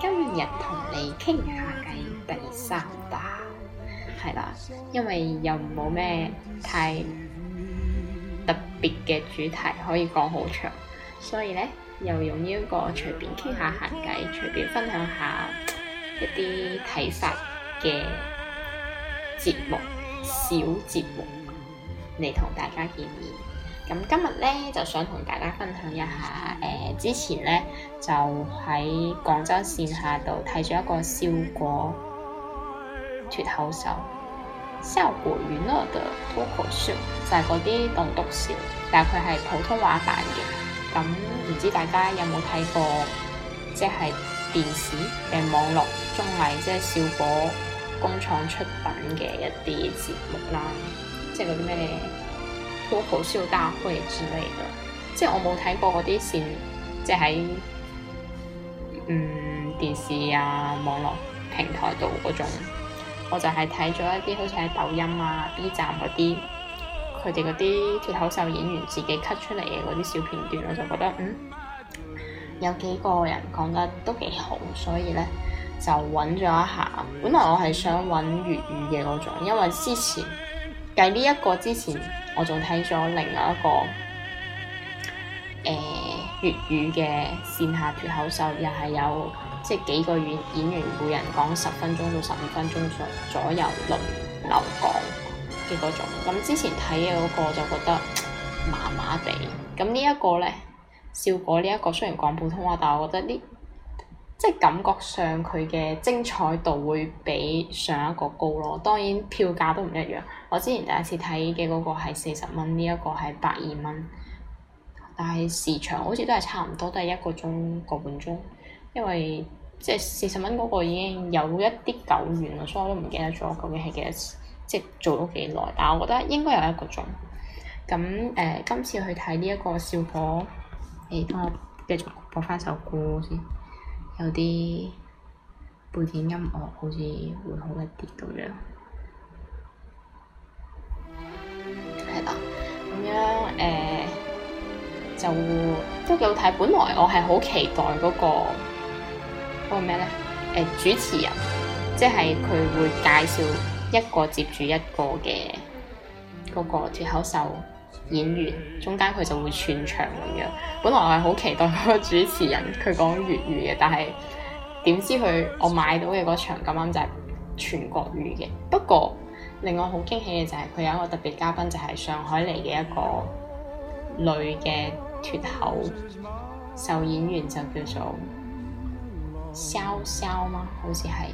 今日同你傾下偈第三 part，係啦，因為又冇咩太特別嘅主題可以講好長，所以咧又用呢一個隨便傾下閒偈，隨便分享一下一啲睇法嘅節目小節目嚟同大家見面。咁今日咧就想同大家分享一下，誒、呃、之前咧就喺廣州線下度睇咗一個笑果脱口秀， 果笑果娛樂嘅脱口秀，就係嗰啲棟篤笑，但係佢係普通話版嘅。咁唔知大家有冇睇過？即係電視誒網絡綜藝，即係笑果工廠出品嘅一啲節目啦，即係嗰啲咩？脫口秀大會之類嘅，即係我冇睇過嗰啲線，即係喺嗯電視啊、網絡平台度嗰種，我就係睇咗一啲，好似喺抖音啊、B 站嗰啲，佢哋嗰啲脫口秀演員自己 cut 出嚟嘅嗰啲小片段，我就覺得嗯有幾個人講得都幾好，所以咧就揾咗一下。本來我係想揾粵語嘅嗰種，因為之前計呢一個之前。我仲睇咗另外一個誒、呃、粵語嘅線下脫口秀，又係有即幾個演演員每人講十分鐘到十五分鐘左右輪流講，嘅嗰種。咁之前睇嘅嗰個就覺得麻麻地，咁呢一個咧笑果呢、這、一個雖然講普通話，但係我覺得呢。即係感覺上佢嘅精彩度會比上一個高咯。當然票價都唔一樣。我之前第一次睇嘅嗰個係四十蚊，呢、這個、一個係百二蚊。但係時長好似都係差唔多，都係一個鐘，個半鐘。因為即係四十蚊嗰個已經有一啲久遠啦，所以我都唔記得咗究竟係幾多，即係做咗幾耐。但係我覺得應該有一個鐘。咁誒、呃，今次去睇呢一個笑婆，誒、哎，等我繼續播返首歌先。有啲背景音樂好似會好一啲咁樣，係啦。咁樣誒，就即係有睇。本來我係好期待嗰個嗰個咩咧？誒、哦呃、主持人，即係佢會介紹一個接住一個嘅嗰個脫口秀。演員中間佢就會串場咁樣，本來我係好期待嗰個主持人佢講粵語嘅，但係點知佢我買到嘅嗰場咁啱就係全國語嘅。不過令我好驚喜嘅就係、是、佢有一個特別嘉賓就係上海嚟嘅一個女嘅脱口秀演員就叫做肖肖嗎？好似係。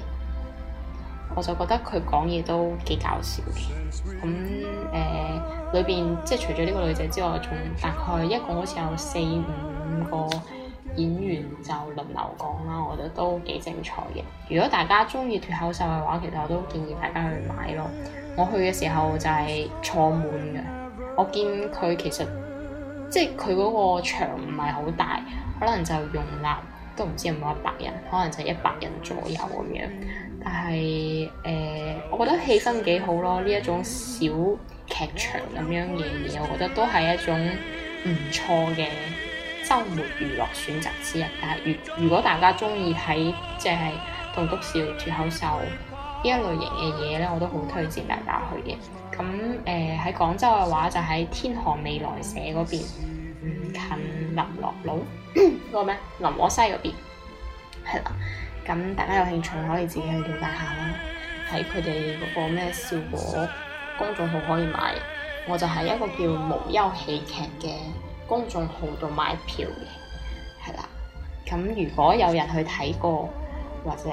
我就覺得佢講嘢都幾搞笑嘅，咁誒裏邊即係除咗呢個女仔之外，仲大概一共好似有四五個演員就輪流講啦，我覺得都幾精彩嘅。如果大家鍾意脱口秀嘅話，其實我都建議大家去買咯。我去嘅時候就係坐滿嘅，我見佢其實即係佢嗰個場唔係好大，可能就容納都唔知有冇一百人，可能就一百人左右咁樣。但係，誒、呃，我覺得氣氛幾好咯，呢一種小劇場咁樣嘅嘢，我覺得都係一種唔錯嘅周末娛樂選擇之一。但係，如如果大家中意睇即係棟篤笑脱口秀呢一類型嘅嘢咧，我都好推薦大家去嘅。咁誒喺廣州嘅話，就喺、是、天河未來社嗰邊，近林和路，嗰個咩林和西嗰邊，係啦。咁大家有興趣可以自己去了解下啦，睇佢哋嗰個咩效果公眾號可以買，我就喺一個叫無憂喜劇嘅公眾號度買票嘅，係啦。咁如果有人去睇過或者誒、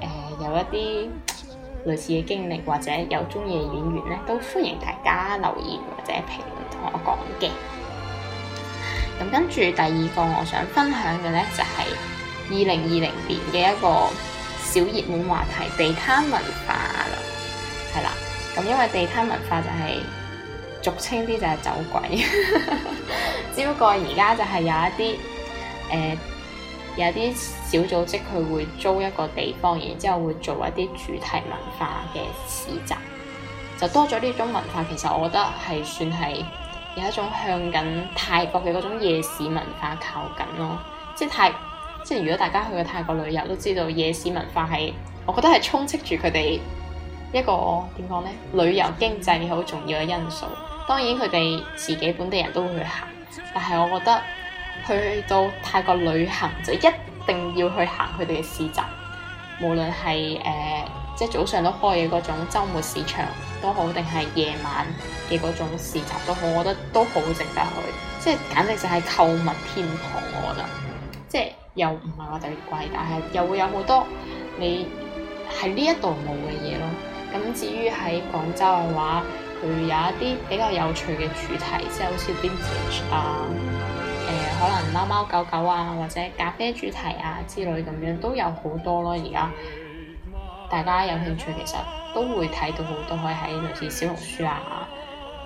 呃、有一啲類似嘅經歷，或者有中意嘅演員咧，都歡迎大家留言或者評論同我講嘅。咁跟住第二個我想分享嘅咧就係、是。二零二零年嘅一個小熱門話題，地攤文化啦，係啦。咁因為地攤文化就係、是、俗稱啲就係走鬼， 只不過而家就係有一啲誒、呃、有啲小組織，佢會租一個地方，然之後會做一啲主題文化嘅市集，就多咗呢種文化。其實我覺得係算係有一種向緊泰國嘅嗰種夜市文化靠近咯，即係泰。即係如果大家去過泰國旅遊都知道夜市文化係，我覺得係充斥住佢哋一個點講、哦、呢旅遊經濟好重要嘅因素。當然佢哋自己本地人都會去行，但係我覺得去到泰國旅行就一定要去行佢哋嘅市集，無論係誒即係早上都開嘅嗰種周末市場都好，定係夜晚嘅嗰種市集都好，我覺得都好值得去，即係簡直就係購物天堂，我覺得。又唔係話特別貴，但係又會有好多你喺呢一度冇嘅嘢咯。咁至於喺廣州嘅話，佢有一啲比較有趣嘅主題，即係好似 Vintage 啊、呃、誒，可能貓貓狗狗啊，或者咖啡主題啊之類咁樣，都有好多咯。而家大家有興趣，其實都會睇到好多，可以喺類似小紅書啊、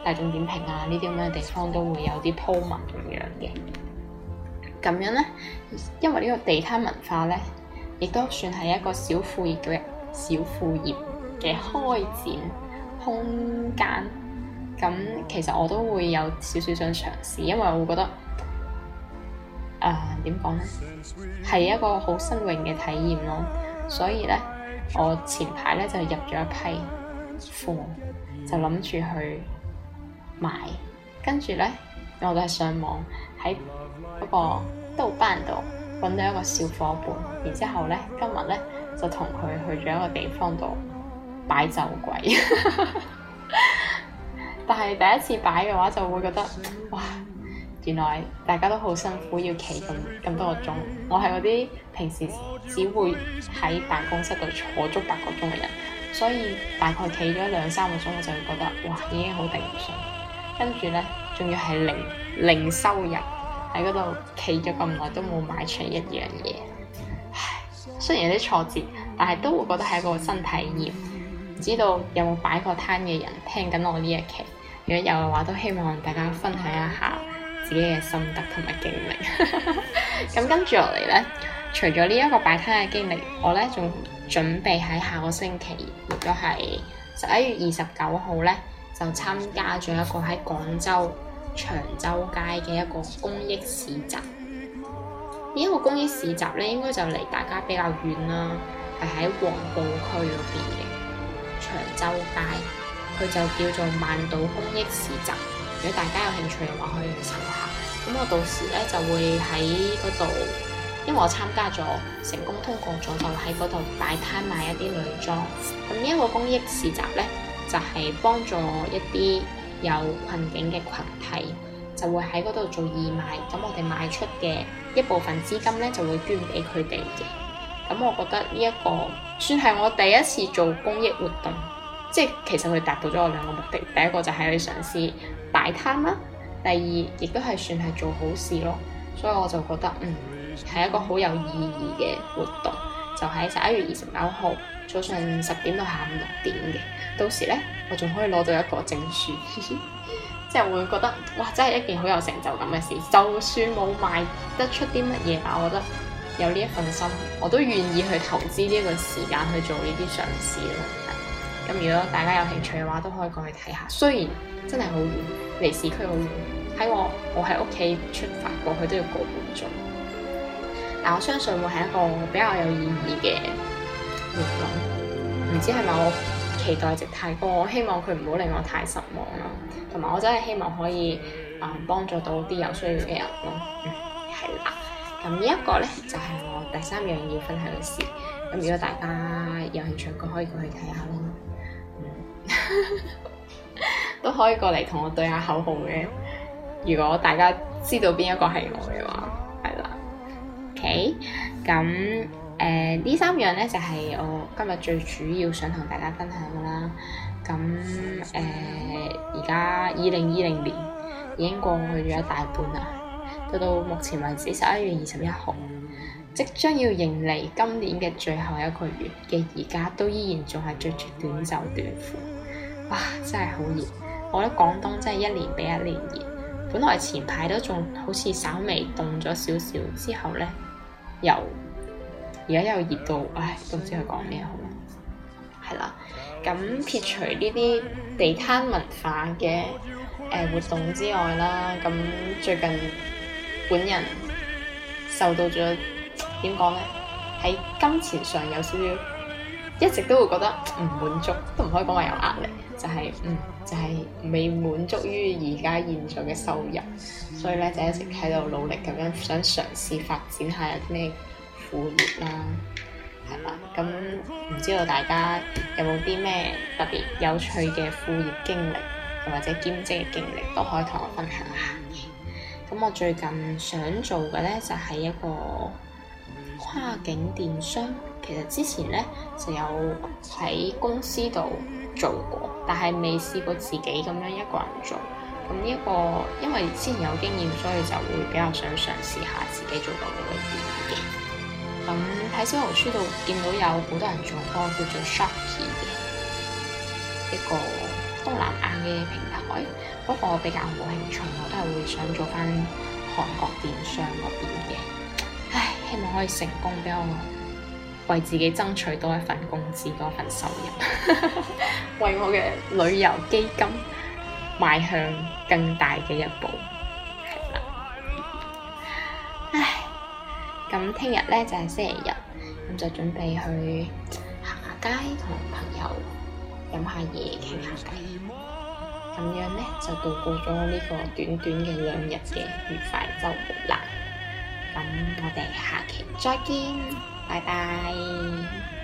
大眾點評啊呢啲咁樣嘅地方都會有啲鋪文咁樣嘅。咁樣咧，因為呢個地攤文化咧，亦都算係一個小副業嘅小副業嘅開展空間。咁其實我都會有少少想嘗試，因為我覺得，誒點講咧，係一個好新穎嘅體驗咯。所以咧，我前排咧就入咗一批貨，就諗住去買。跟住咧，我都係上網。喺嗰個豆瓣度揾到一個小伙伴，然之後呢，今日呢，就同佢去咗一個地方度擺走鬼。 但係第一次擺嘅話就會覺得哇，原來大家都好辛苦要企咁咁多個鐘。我係嗰啲平時只會喺辦公室度坐足八個鐘嘅人，所以大概企咗兩三個鐘，我就會覺得哇，已經好頂唔順。跟住呢，仲要係零。零收入喺嗰度企咗咁耐都冇買出一樣嘢，唉，雖然有啲挫折，但係都會覺得係一個新體驗。唔知道有冇擺個攤嘅人聽緊我呢一期？如果有嘅話，都希望大家分享一下自己嘅心得同埋經歷。咁跟住落嚟呢，除咗呢一個擺攤嘅經歷，我呢仲準備喺下個星期，或者係十一月二十九號呢，就參加咗一個喺廣州。長洲街嘅一個公益市集，呢、這、一個公益市集咧，應該就離大家比較遠啦，係喺黃埔區嗰邊嘅長洲街，佢就叫做萬島公益市集。如果大家有興趣嘅話，可以去查下。咁我到時咧就會喺嗰度，因為我參加咗，成功通過咗，就喺嗰度擺攤賣一啲女裝。咁呢一個公益市集咧，就係、是、幫助一啲。有困境嘅群體就會喺嗰度做義賣，咁我哋賣出嘅一部分資金呢，就會捐俾佢哋嘅。咁我覺得呢、這、一個算係我第一次做公益活動，即係其實佢達到咗我兩個目的。第一個就係去嘗試擺攤啦，第二亦都係算係做好事咯。所以我就覺得嗯係一個好有意義嘅活動，就喺十一月二十九號。早上十點到下午六點嘅，到時呢，我仲可以攞到一個證書， 即係會覺得哇真係一件好有成就感嘅事。就算冇賣得出啲乜嘢，但我覺得有呢一份心，我都願意去投資呢個時間去做呢啲嘗試咯。咁如果大家有興趣嘅話，都可以過去睇下。雖然真係好遠，離市區好遠，喺我我喺屋企出發過去都要個半鐘。但我相信會係一個比較有意義嘅。唔知係咪我期待值太高？我希望佢唔好令我太失望咯。同埋我真係希望可以啊幫、嗯、助到啲有需要嘅人咯。係、嗯、啦，咁呢一個咧就係、是、我第三樣要分享嘅事。咁如果大家有興趣嘅，可以過去睇下咯。嗯、 都可以過嚟同我對下口號嘅。如果大家知道邊一個係我嘅話，係啦。OK，咁。誒呢、呃、三樣呢，就係、是、我今日最主要想同大家分享噶啦。咁、嗯、誒，而家二零二零年已經過去咗一大半啦，到到目前為止十一月二十一號，即將要迎嚟今年嘅最後一個月嘅而家，都依然仲係著住短袖短褲，哇！真係好熱。我覺得廣東真係一年比一年熱。本來前排都仲好似稍微凍咗少少，之後呢又～而家又熱到，唉，都唔知佢講咩好。係啦，咁撇除呢啲地攤文化嘅誒、呃、活動之外啦，咁最近本人受到咗點講咧？喺金錢上有少少，一直都會覺得唔滿足，都唔可以講話有壓力，就係、是、嗯，就係、是、未滿足於而家現狀嘅收入，所以咧就一直喺度努力咁樣想嘗試發展一下啲咩。副業啦，係嘛？咁唔知道大家有冇啲咩特別有趣嘅副業經歷，或者兼職嘅經歷都可以同我分享下。咁我最近想做嘅呢，就係一個跨境電商，其實之前呢，就有喺公司度做過，但係未試過自己咁樣一個人做。咁呢一個因為之前有經驗，所以就會比較想嘗試下自己做到嗰個點嘅。咁喺、嗯、小紅書度見到有好多人做嗰個叫做 Shopee 嘅一個東南亞嘅平台，不過我比較冇興趣，我都係會想做翻韓國電商嗰邊嘅。唉，希望可以成功，俾我為自己爭取多一份工資，多一份收入， 為我嘅旅遊基金邁向更大嘅一步。咁聽日咧就係、是、星期日，咁就準備去行下街，同朋友飲下嘢，傾下偈。咁 樣咧就度過咗呢個短短嘅兩日嘅愉快周末啦。咁我哋下期再見，拜拜。 bye bye